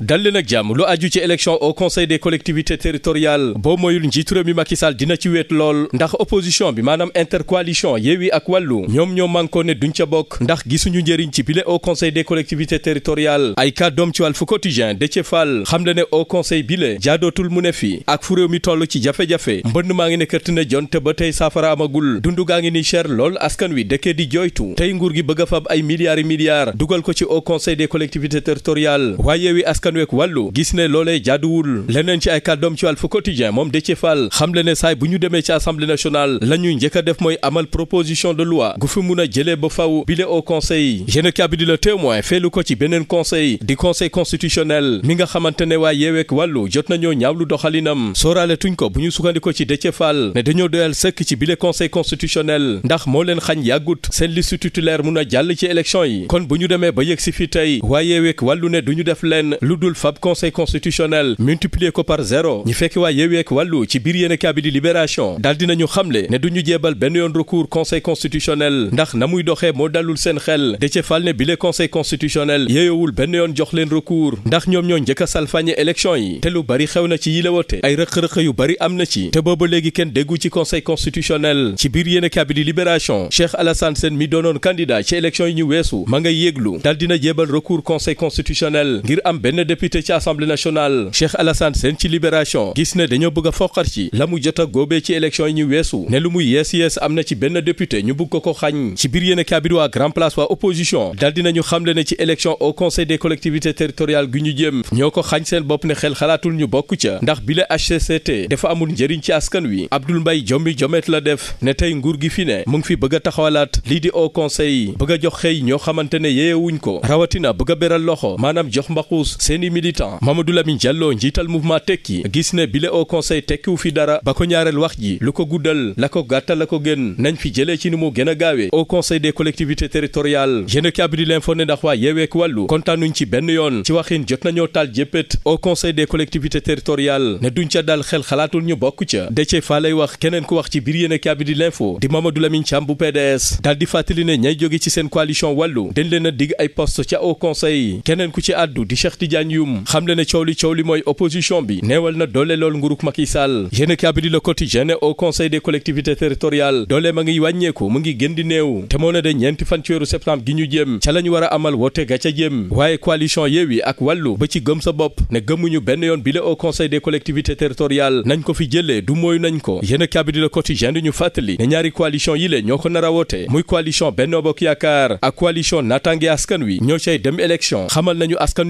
dal leen jàmm lu aju ci élection au conseil de collectivités territoriales boo moyul njiitu réew mi Macky Sall dina ci wéet lool ndax opposition bi maanaam intercoalition Yewwi ak wallu ñoom ñoo mànkoo ne duñ ca bokk ndax gisuñu njëriñ ci bile au conseil des collectivités territoriales ay kàddoom ci Walf Quotidien Déthié Fall xam le ne au conseil bile jaadootul mu ne fi ak fu réew mi toll ci jafe-jafe mbënn maa ngi ne kërt na jonte ba tey saafara amagul dundu gaa ngi ni cher lool askan wi dëkkee di jooytu tey nguur gi bëgg fab ay milliards yi dugal ko ci au conseil des askan week wàllu gis ne loolee jaaduwul leneen ci ay kàddoom ci Walf Quotidien moom Déthié Fall xam le ne saay bu ñu demee ci assemblée nationale la ñuy njëkk a def mooy amal proposition de loi gu fi mun a jëlee ba faw bile au conseil yéen a bi la témoin feelu ko ci beneen conseil di conseil constitutionnel mi nga xamante ne waa yeeweek wàllu jot nañoo ñaawlu doxalinam sóoraale tuñ ko bu ñu sukkandikoo ci Déthié Fall ne dañoo doyal sëkk ci bile conseil a jàll ci élection yi lu dul fab conseil constitutionnel ko par zéro ñu fekk waa Yewwi Wallu ci biir yéen a di libération daal dinañu xamle ne du ñu jeebal benn yoon recours conseil constitutionnel ndax na muy doxe moo dalul seen xel Déthié Fall ne bile conseil constitutionnel yeeyowul benn yoon jox leen recours ndax ñoom ñoo njëkk a salfaañe élection yi te lu bari xew na ci yile wote ay rëq-rëq yu bari am na ci te booba léegi kenn déggu ci conseil constitutionnel ci biir yéen a di libération Cheikh Alassane Sène mi doonoon candidat ci élection yi ma ngay yéeglu dina jeebal recours conseil constitutionnel ngir am benn député ca assemblée nationale Cheikh Alassane Sène ci libération gis ne dañoo bëgg a foqar ci la mu jot a góobee ci élection yi ñu weesu ne lu muy yees yees am na ci benn député ñu bëgg ko ko xañ ci biir yéen a kaabir waa grand place waa opposition dal dinañu xamle ne ci élection au conseil des collectivités territoriales gi ñu jëm ñoo ko xañ seen bopp ne xel xalaatul ñu bokk ca ndax bile HCCT dafa amul njariñ ci askan wi Abdoul Mbaye jommi jomet la def ne tey nguur gi fi ne mu ngi bëgg taxawalaat lii di au conseil jox xëy ñoo xamante ne yeewuñ ko rawatina bëgg a loxo maanaam jox mbaxuus seen i militant Mamadou Lamine Diallo njiital mouvement tekki gis ne bile au conseil tekkiwu fi dara ba ko ñaareel wax ji lu ko guddal la ko gàttal la ko gën nañ fi jëlee ci ni mu gën a gaawee au conseil des collectivités territoriales yéen a kaabidi l'info ne ndax waa yeeweek wàllu kontaanuñ ci benn yoon ci waxin jot nañoo taal jéppét au conseil des collectivités territoriales ne duñ ca dal xel xalaatul ñu bokk ca Déthié Fall lay wax keneen ku wax ci biir yéen a kaabidi l'info di Mamadou Lamine Thiam bu PDS daal di fàttali ne ñay jóge ci a Yum xam le ne coow li coow li mooy opposition bi neewal na doole lool nguruk Macky Sall yéene kaa bi di Le Quotidien ne au conseil des collectivités territoriales doole ma ngi wàññeeku mu ngi gën di néew te moo ne de ñeenti fan ci gi ñu jëm ca lañu war amal woote ga ca jëm waaye coalition Yewwi ak wàllu ba ci gëm sa bopp ne gëmuñu benn yoon bi le au conseil de collectivités territoriales nañ ko fi jëlee du mooyu nañ ko yéene kaa bi di Le Quotidien di ñu fàttali ne ñaari coalition yi le ñoo ko nar a woote muy coalition Benno Bokk Yaakaar ak coalition Natangué Askan Wi ñoo cay dem élection xamal nañu askan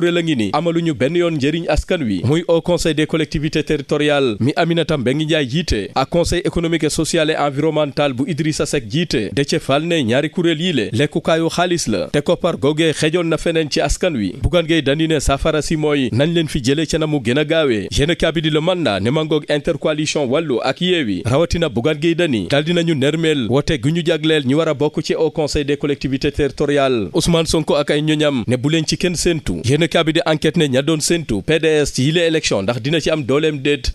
kuréel a ngi ni amaluñu benn yoon njëriñ askan wi muy au conseil des collectivités territoriales mi Aminata Mbengue Ndiaye jiite ak conseil économique et social et environnemental bu Idrissa Seck jiite Déthié Fall ne ñaari kuréel yi le lekkukaayu xaalis la te koppar googee xejoon na feneen ci askan wi Bougane Gueye Dany ne saafara si mooy nañ leen fi jëlee ca na mu gën a gaawee yéen a kaabidi man naa ne mangoog intercoalition wàllu ak yeewi rawatina Bougane Gueye Dany daal dinañu nermeel woote gu ñu jagleel ñu war a bokk ci au conseil des collectivités territoriales Ousmane Sonko ak ay ñoñam ne bu leen ci kenn séentu yéenekaay bi di enquête ne ña doon séntu PDS ci yile élection ndax dina ci am dooleem déet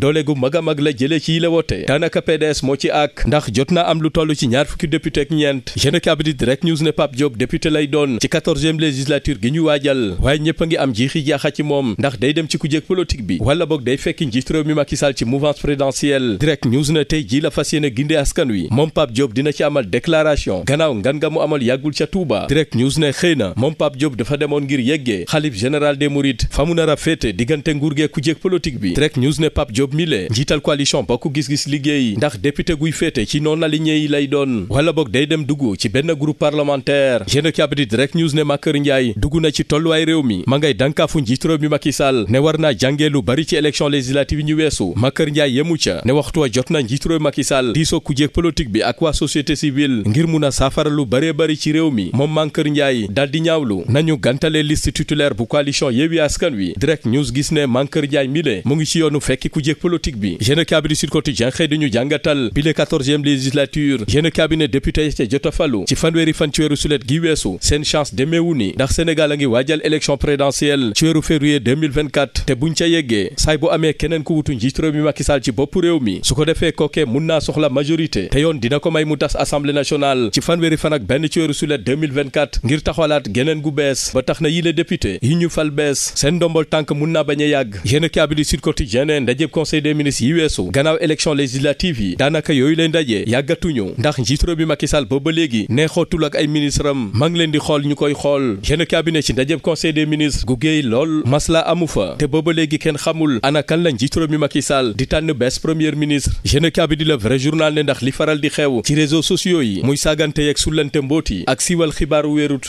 doole gu mag a mag la jëlee ci yile wote daanaka PDS moo ci ak ndax jot naa am lu toll ci ñaar fukki député ak ñeent yéenekaay bi di Direct News ne Pape Diop lay doon ci quatorzième législature gi ñu waajal waaye ñëpp a ngi am jiixi jaaxa ci moom ndax day dem ci ku jéeg politique bi wala boog day fekki njiit réew mi Macky Sall ci mouvance présidentielle Direct News ne tey jii la fas yéene gindee askan wi moom Pape Diop dina ci amal déclaration gannaaw ngan nga mu amal yàggul ca Touba Direct News gis ne xëy na moom Pape Diop dafa demoon ngir yeggee xalif général des Mourides fa mu nar féete diggante nguur gee ku jéeg politique bi Direct News ne Pape Diop mi lee njiital coalition bokk gis-gis liggéey ndax député guy féete ci non aligné yi lay doon wala boog day dem dugg ci benn groupe parlementaire yéena kabidi Direct News ne Makar Ndiaye dugg na ci tolluwaay réew mi ma ngay dànkaafu njiit réew mi Macky Sall ne war naa jàngee lu bari ci élection législative yi ñu weesu Makar Ndiaye yemu ca ne waxtu wa jot na njiit réew Macky Sall diisoo ku jéeg politique bi ak waa société civile ngir mun a lu baree bari ci réew mi moom Makar Ndiaye yi ñaawlu nañu gàntale liste titulaire bu coalition Yewwi Askan Wi Direct News gis ne Mankeur Ndiaye mile mu ngi ci yoonu fekki ku jéeg politique bi géne cabinet Sud Quotidien xëy dañu jàngatal bi le législature géne cabinet député ca jota ci fanweeri fan ci weeru sulet gi weesu seen chance demeewu ni ndax Sénégal a ngi waajal élection présidentielle ci weeru février te buñ ca yeggee saay bu amee keneen ku wutu njiit réew mi Macky ngir taxawalaat geneen gu bees ba tax na yile député yi ñu fal bees seen ndombol tànk mun naa bañ a yàgg yéena kaabi Sud Quotidien ne ndajeb conseil des ministres yi weesu gannaaw élection législative yi daanaka yooyu lay ndajee yàggatuñu ndax njiitu bi Macky booba léegi neexootul ak ay ministre am leen di xool ñu koy xool yéena kaabi ne ci ndajeb conseil des ministres gu géey lool masla amu fa te booba léegi kenn xamul ana la njiitu bi Macky di tànn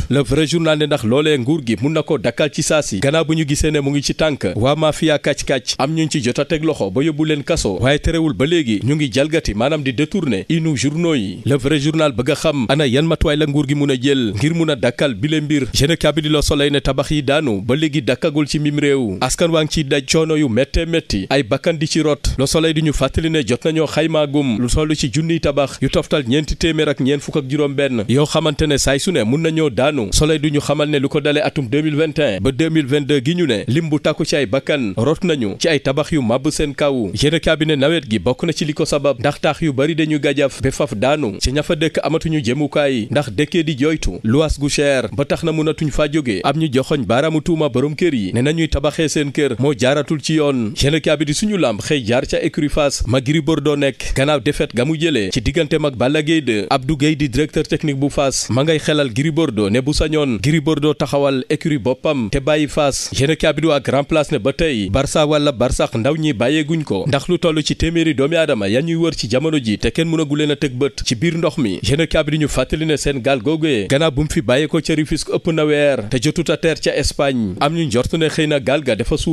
wut le vrai journal ne ndax loolee nguur gi mun na ko dakkal ci saasi gannaaw bu ñu gisee ne mu ngi ci tànk waa mafia kàcc-kàcc am ñu ci jot a teg loxo ba yóbbu leen kaso waaye terewul ba léegi ñu ngi jalgati maanaam di détourner inu journaux yi le vrai journal bëgg xam ana yan matuwaay la nguur gi mun a jël ngir mun a dakkal bile mbir jeune kabidi lo soleil ne tabax yi daanu ba léegi dakkagul ci mim réew askan waa ngi ciy daj coono yu mettee métti ay bakkan di ci rot lo soleil di ñu fàttali ne jot nañoo xaymaagum lu toll ci junniy tabax yu toftal ñeenti téeméer ak ñeent fukk ak juróom benn yoo xamante ne saay su ne mun nañoo daanu Soleil du ñu xamal ne lu ko dalee atum 2021 ba 2022 gi ñu ne lim bu tàkku ci ay bakkan rot nañu ci ay tabax yu màbb seen kaw yéen ne nawet gi bokk na ci li ko sabab ndax taax yu bari dañu gajaf ba faf daanu ci ña fa dëkk amatuñu jëmukaay ndax dëkkee di jooytu luwaas gu cher ba tax na mënatuñ faa jóge am ñu joxoñ baaraamu tuuma boroom kër yi ne nañuy tabaxee seen kër moo jaaratul ci yoon yéen cabinet suñu làmb xëy jaar ca écurie Fass ma Gris Bordeaux nekk gannaaw défaite ga mu jëlee ci digganteem ak Balla Gaye 2 Abdou Gueye di directeur technique bu Fass ma ngay xelal Gris Bordeaux ne bu sañoon Gris Bordeaux taxawal écurie boppam te bàyyi Fass yéen a kaabidu ak Grand Place ne ba tey Barça wala Barsax ndaw ñi bàyyeeguñ ko ndax lu toll ci téeméeri doomi aadama ya ñuy wër ci jamono ji te kenn mënagu leen a tëg bët ci biir ndox mi yéen a ñu fàttali ne seen gaal googee gannaaw bu mu fi bàyyee ko ca Rufisque ëpp na weer te jotut a teer ca Espagne am ñu njort ne xëy na gaal ga dafa